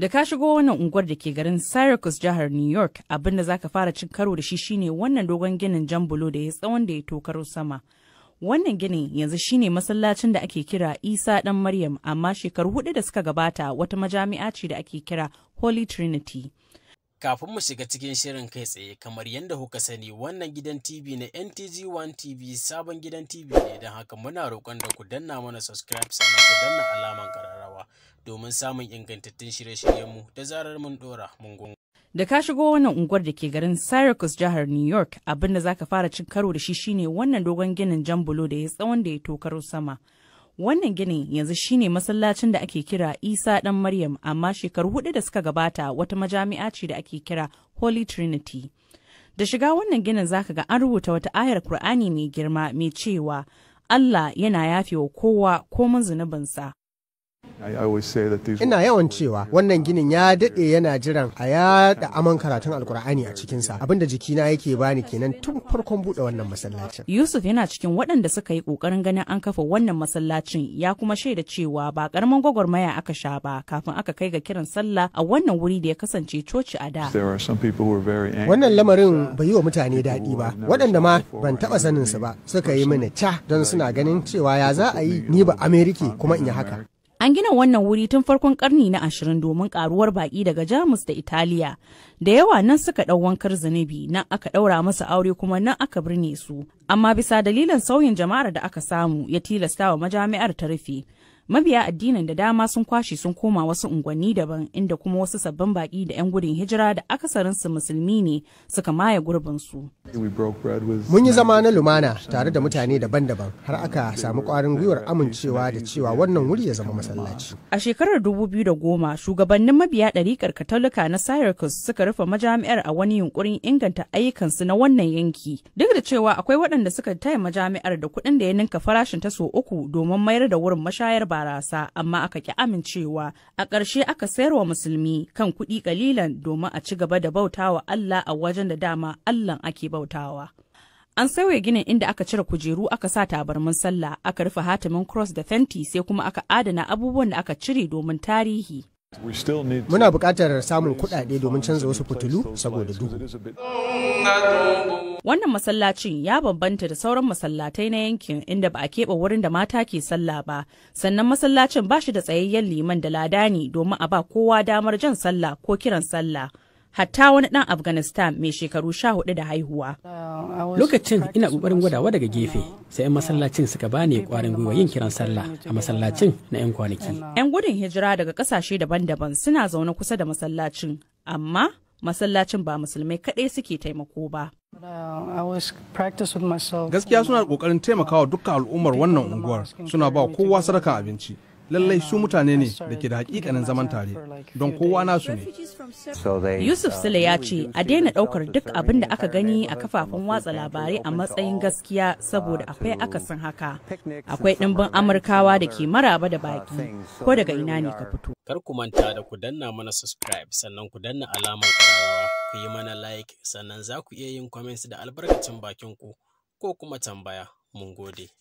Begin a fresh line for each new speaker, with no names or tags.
Da ka shigo wannan unguwar da ke garin Syracuse jihar New York abin da zaka fara cin karo da shi shine wannan dogon ginin jan bulo da ya tsawon da ya tokaro sama. Wannan ginin yanzu shine masallacin da ake kira Isa dan Maryam amma shekaru hudu da suka gabata wata majami'a ce da ake kira Holy Trinity.
Kafin mu shiga cikin shirin kai tsaye kamar yadda kuka sani wannan gidan TV na NTG1 TV sabon gidan TV ne don haka muna roƙon da ku danna mana subscribe sannan ku danna alama domin samun ingantattun shirye-shiryenmu da zarar mun ɗora mun gungu.
Da ka shigo wannan unguwar da ke garin Syracuse jihar New York abin da za ka fara cin karo da shi shine wannan dogon ginin jan bulo da ya tsawon da ya tokaro sama. Wannan ginin yanzu shine masallacin da ake kira Isa dan Maryam amma shekaru hudu da suka gabata wata majami'a ce da ake kira Holy Trinity. Da shiga wannan ginin za ka ga an rubuta wata ayar Kur'ani mai girma mai cewa Allah yana wa kowa komin zunubinsa. Ina
yawan cewa wannan ginin ya daɗe yana jiran a yaɗa aman karatun alkur'ani a cikinsa abinda jikina yake bani kenan tun farkon buɗe wannan masallacin.
Yusuf yana cikin waɗanda suka yi ƙoƙarin ganin an kafa wannan masallacin ya kuma shaida cewa ba ƙaramin gwagwarmaya aka sha ba kafin aka kai ga kiran sallah a wannan wuri da ya kasance coci a da. Wannan
lamarin bai yi wa mutane daɗi ba waɗanda ma ban taɓa saninsu ba suka yi mini ca don suna ganin cewa ya za a yi ni ba Ameriki kuma in yi haka.
An gina wannan wuri tun farkon karni na ashirin domin karuwar baƙi daga Jamus da Italiya. Da yawa nan suka ɗau wankar zunubi, nan aka ɗaura masa aure kuma nan aka birne su. Amma bisa dalilin sauyin jama'ar da aka samu ya tilastawa majami'ar ta rufe. mabiya addinin da dama sun kwashe sun koma wasu unguwanni daban inda kuma wasu sabbin baƙi da 'yan gudun hijira da su musulmi ne suka maye gurbin su. Mun yi zama na lumana tare da mutane daban-daban har
aka samu ƙwarin gwiwar amincewa da cewa wannan wuri ya zama masallaci.
A shekarar 2010 shugabannin mabiya ɗarikar Katolika na Syracuse suka rufe majami'ar a wani yunkurin inganta ayyukansu na wannan yanki. Duk da cewa akwai waɗanda suka taya majami'ar da kuɗin da ya ninka farashin ta so uku domin mayar da wurin mashayar ba barasa amma aka ki amincewa a ƙarshe aka sayar wa musulmi kan kuɗi ƙalilan domin a ci gaba da bautawa Allah a wajen da dama Allah ake bautawa. An sauya ginin inda aka cire kujeru aka sa tabarmin sallah aka rufe hatimin cross da fenti sai kuma aka adana abubuwan da aka cire domin tarihi.
Muna buƙatar samun kuɗaɗe domin canza wasu fitilu saboda duhu.
Wannan masallacin ya bambanta da sauran masallatai na yankin inda ba a keɓe wurin da mata ke sallah ba, sannan masallacin ba shi da tsayayyen liman da ladani domin a ba kowa damar jan sallah ko kiran sallah. hatta wani ɗan afghanistan mai shekaru sha hudu da haihuwa lokacin
ina ƙoƙarin gwadawa daga gefe sai 'yan masallacin suka bani ƙwarin gwiwa yin kiran sallah a masallacin na 'yan kwanaki
'yan gudun hijira daga ƙasashe daban-daban suna zaune kusa da masallacin amma masallacin ba musulmai kaɗai suke taimako ba
gaskiya suna ƙoƙarin taimakawa dukkan al'ummar wannan unguwar suna ba kowa sadaka abinci lallai su mutane ne da ke da hakikanin zaman tare don kowa nasu ne yusuf uh, sule ya ce a daina daukar
duk abin da aka gani a kafafen watsa labarai a matsayin gaskiya saboda akwai akasin haka akwai ɗimbin amurkawa da ke maraba da baki ko daga ina ne ka
fito kar ku manta da ku danna mana subscribe sannan ku danna alamar ƙararrawa ku yi mana like sannan za ku iya yin comments da albarkacin bakin ku ko kuma tambaya mun gode